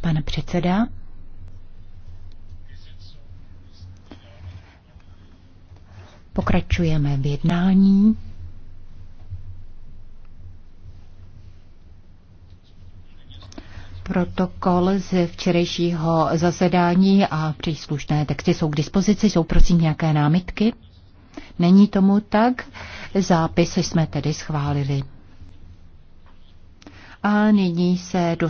Pane předseda. Pokračujeme v jednání. Protokol z včerejšího zasedání a příslušné texty jsou k dispozici. Jsou prosím nějaké námitky? Není tomu tak. Zápis jsme tedy schválili. A nyní se dostáváme